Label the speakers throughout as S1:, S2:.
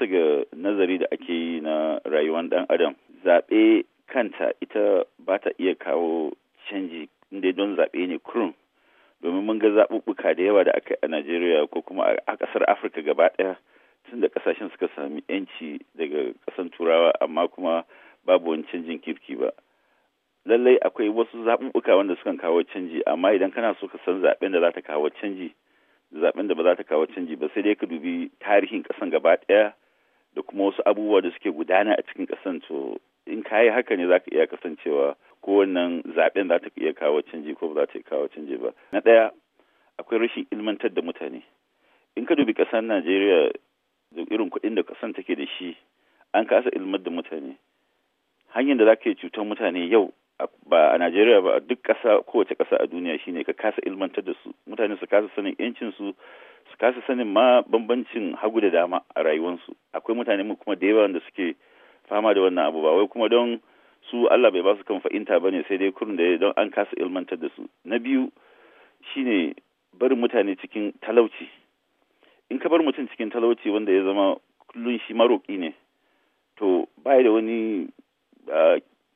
S1: bisa ga nazari da ake yi na rayuwar dan adam zaɓe kanta ita ba ta iya kawo canji inda don zaɓe ne kurun domin mun ga zaɓuɓɓuka da yawa da aka yi a najeriya ko kuma a ƙasar afirka gaba ɗaya tun da ƙasashen suka sami yanci daga ƙasan turawa amma kuma babu wani canjin kirki ba lallai akwai wasu zaɓuɓɓuka wanda suka kawo canji amma idan kana so ka san zaɓen da za ta kawo canji zaɓen da ba za ta kawo canji ba sai dai ka dubi tarihin ƙasan gaba ɗaya da kuma wasu abubuwa da suke gudana a cikin kasan to in ka yi haka ne za ka iya kasancewa ko wannan zaɓen za ta iya kawo canji ko ba za ta iya kawo canji ba na ɗaya akwai rashin ilmantar da mutane in ka dubi ƙasar najeriya da irin kuɗin da kasan take da shi an kasa ilmar da mutane hanyar da za ka yi cutar mutane yau ba a Najeriya ba duk ƙasa kowace ƙasa a duniya shine ka kasa ilmantar da su mutane su kasa sanin yancin su su kasa sanin ma bambancin hagu da dama a rayuwarsu akwai mutane mu kuma da yawa wanda suke fama da wannan abu ba wai kuma don su Allah bai ba su kan fahimta bane sai dai kurun da don an kasa ilmantar da su na biyu shine barin mutane cikin talauci in ka bar mutum cikin talauci wanda ya zama kullun shi maroƙi ne to ba da wani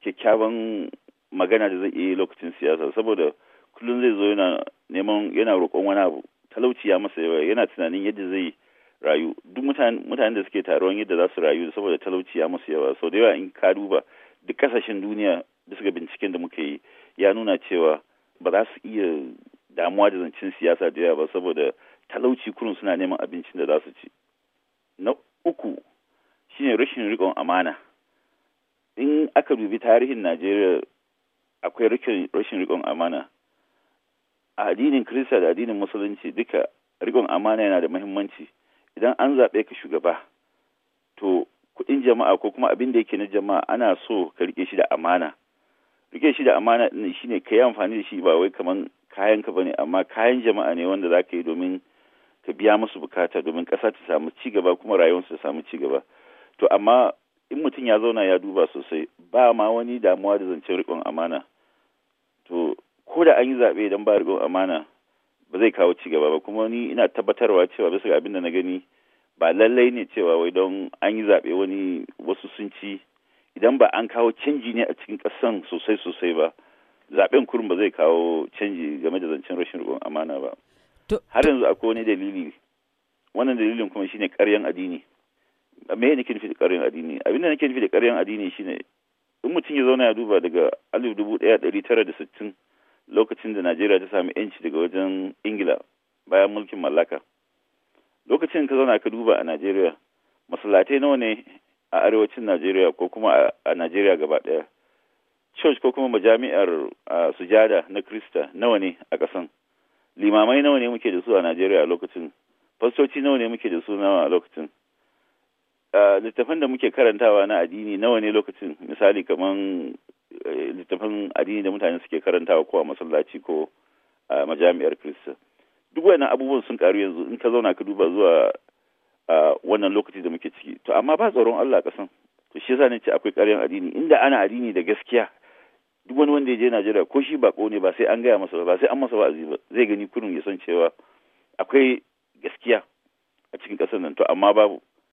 S1: kyakkyawan magana da zai iya lokacin siyasa saboda kullum zai zo yana neman yana roƙon wani abu talauci ya masa yawa yana tunanin yadda zai rayu duk mutane da suke taruwan yadda za su rayu saboda talauci ya masa yawa sau da yawa in ka duba duk kasashen duniya da suka binciken da muka yi ya nuna cewa ba za su iya damuwa da zancen siyasa da yawa ba saboda talauci kurun suna neman abincin da za su ci na uku shine rashin riƙon amana in aka dubi tarihin najeriya akwai rashin rikon amana a addinin kirista da addinin musulunci duka rikon amana yana da muhimmanci idan an zaɓe ka shugaba to kuɗin jama'a ko kuma abin da yake na jama'a ana so ka rike shi da amana rike shi da amana ɗin shine ka yi amfani da shi ba wai kaman kayan ka bane amma kayan jama'a ne wanda za ka yi domin ka biya musu bukata domin ƙasa ta samu ci gaba kuma rayuwarsu ta samu ci gaba to amma in mutum ya zauna ya duba sosai ba ma wani damuwa da zancen riƙon amana ko da an yi zaɓe idan ba riƙon amana ba zai kawo ci gaba ba kuma ni ina tabbatarwa cewa bisa ga abin da na gani ba lallai ne cewa wai don an yi zaɓe wani wasu sun ci idan ba an kawo canji ne a cikin ƙasan sosai sosai ba zaɓen kurum ba zai kawo canji game da zancen rashin riƙon amana ba har yanzu akwai wani dalili wannan dalilin kuma shine ƙaryan addini me nake nufi da ƙaryan addini abin da nake nufi da ƙaryan addini shine in mutum ya zauna ya duba daga alif dubu ɗaya ɗari tara da sittin lokacin da Najeriya ta sami yanci daga wajen Ingila bayan mulkin mallaka. Lokacin ka zauna ka duba a Najeriya, masallatai nawa ne a arewacin Najeriya ko kuma a Najeriya gaba ɗaya. Church ko kuma majami'ar sujada na Krista nawa ne a ƙasan. Limamai nawa ne muke da su a Najeriya a lokacin. Fastoci nawa ne muke da su nawa a lokacin. littafan da muke karantawa na addini nawa ne lokacin misali kamar. littafin addini da mutane suke karantawa ko a masallaci ko a majami'ar Kirista. Duk wayannan abubuwan sun karu yanzu in ka zauna ka duba zuwa wannan lokaci da muke ciki. To amma ba tsaron Allah kasan. To shi yasa ne ce akwai ƙaryan addini inda ana addini da gaskiya duk wani wanda ya je Najeriya ko shi ba ne ba sai an gaya masa ba sai an masa wa'azi ba zai gani kurun ya san cewa akwai gaskiya a cikin ƙasar nan to amma babu